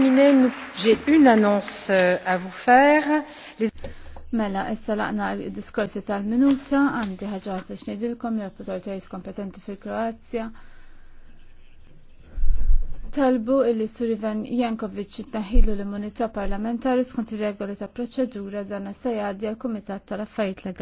Euh, mela, issa laqna il-diskorsi tal-minuta, għandi ħagħat biex nidilkom l kompetenti fil-Kroazja. Talbu illi Surivan Jankovic jitnaħilu l-immunità parlamentari skont ir-regoli ta' proċedura dan se jgħaddi għal-Kumitat tal-Affarijiet Legali.